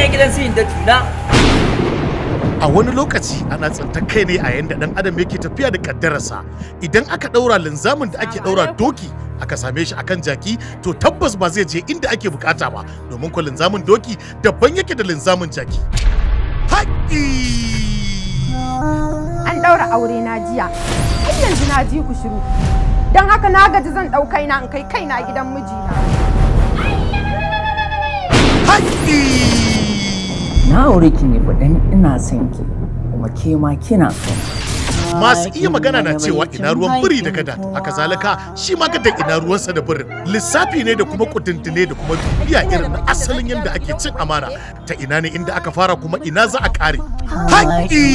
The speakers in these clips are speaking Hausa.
ne gidan su da tuna a wani lokaci ana tsantar kai ne a yanda dan adam yake tafiya da kaddararsa idan aka daura linzamin da ake daura doki aka same shi akan jaki to tabbas ba zai je inda ake bukata ba domin ko linzamin doki daban yake da linzamin jaki haƙi an daura aure na jiya har yanzu na ji ku shiru don haka na gaji zan ɗau kaina in kai kaina gidan mijina haƙi na aure ki ne dan ina son ki kuma ke ma kina son masu iya magana na cewa ina ruwan biri da gada haka zalika shi ma gadan ina ruwansa da birin lissafi ne da kuma kudintine da kuma duniya irin na asalin yadda ake cin amana ta ina ne inda aka fara kuma ina za a kare haƙi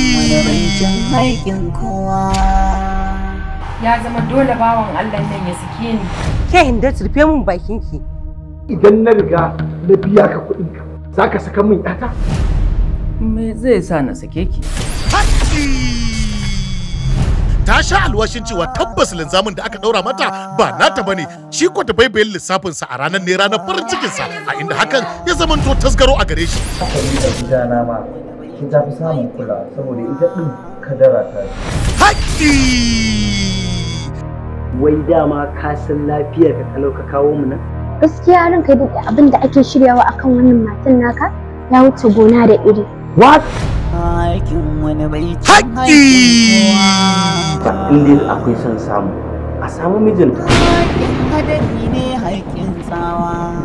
ya zama dole bawan Allah nan ya sike ni. Ke hindar turfe mun bakin ki. Idan na riga na biya ka kuɗin ka. za saka min yata? Me zai sa na sake ki? Ta sha alwashin cewa tabbas linzamin da aka ɗaura mata ba nata bane shi ko da baibayin lissafinsa a ranar ne ranar farin cikinsa a inda hakan ya zamanto tasgaro a gare shi. Gidana Haƙƙi! Wai dama ka san lafiyar ka talau ka kawo mu nan? gaskiya ran kai duk abin da ake shiryawa akan wannan matan naka ya wuce gona da iri what aikin wani bai haƙi ta inda akwai son samu a samu mijinta haƙin ne haƙin tsawa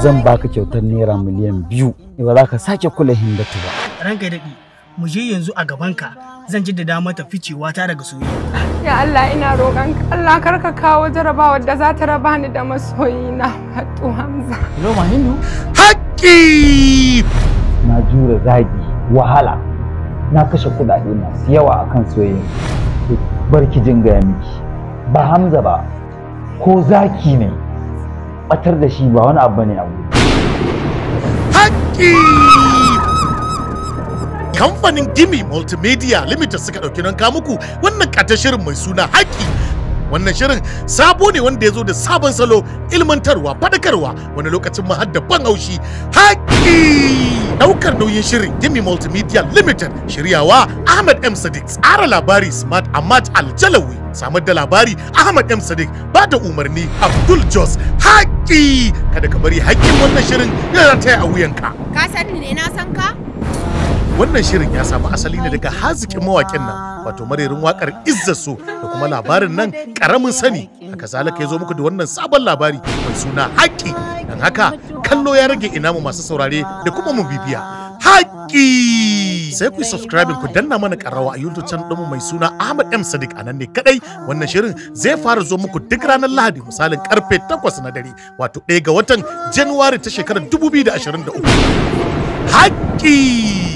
zan baka kyautar naira miliyan biyu ba za ka sake kula hindatu ba ranka daɗi mu je yanzu a gabanka zan ji da dama ta ficewa ta daga soyayya. Ya Allah ina roƙonka Allah kar ka kawo jarabawar da za ta raba ni da masoyina Fatu Hamza. ma Hindu. Haƙƙi! Na jure zagi wahala na kashe kuɗaɗe masu yawa akan soyayya. Barki jin gaya miki ba Hamza ba ko zaki ne batar da shi ba wani abu ne a Haƙƙi! kamfanin Gimi Multimedia Limited suka ɗauki nan muku wannan ƙatar shirin mai suna haƙi. Wannan shirin sabo ne wanda ya zo da sabon salo ilmantarwa faɗakarwa wani lokacin ma har da haushi haƙi. Ɗaukar nauyin shirin Gimi Multimedia Limited shiryawa Ahmed M Sadiq tsara labari Smart Ahmad Aljalawi samar da labari Ahmad M Sadiq ba da umarni Abdul Jos haƙi kada ka bari haƙƙin wannan shirin ya rataya a wuyanka. Ka san ne na san ka? wannan shirin ya samu asali ne daga hazikin mawaƙin nan wato marerin waƙar izzasu da kuma labarin nan ƙaramin sani a kazalika ya zo muku da wannan sabon labari mai suna haƙƙi don haka kallo ya rage ina mu masu saurare da kuma mu bibiya haƙƙi sai ku subscribe ku danna mana ƙarawa a YouTube channel ɗinmu mai suna Ahmad M Sadiq a nan ne kadai wannan shirin zai fara zo muku duk ranar Lahadi misalin karfe 8 na dare wato ɗaya ga watan January ta shekarar 2023 haƙƙi